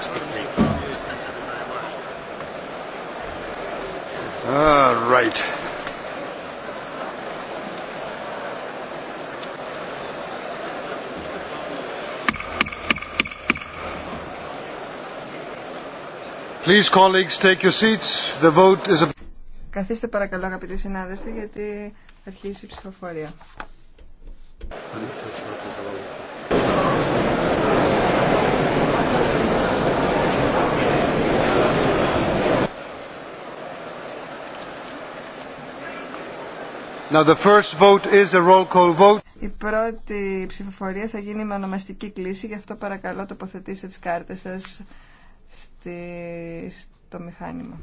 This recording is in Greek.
All right. Please, colleagues, take your seats. The vote is a... Καθίστε παρακαλώ αγαπητοί συνάδελφοι γιατί αρχίζει η ψηφοφορία. Now the first vote is a roll call vote. Η πρώτη ψηφοφορία θα γίνει με ονομαστική κλίση, γι' αυτό παρακαλώ τοποθετήστε τις κάρτες σας στο μηχάνημα.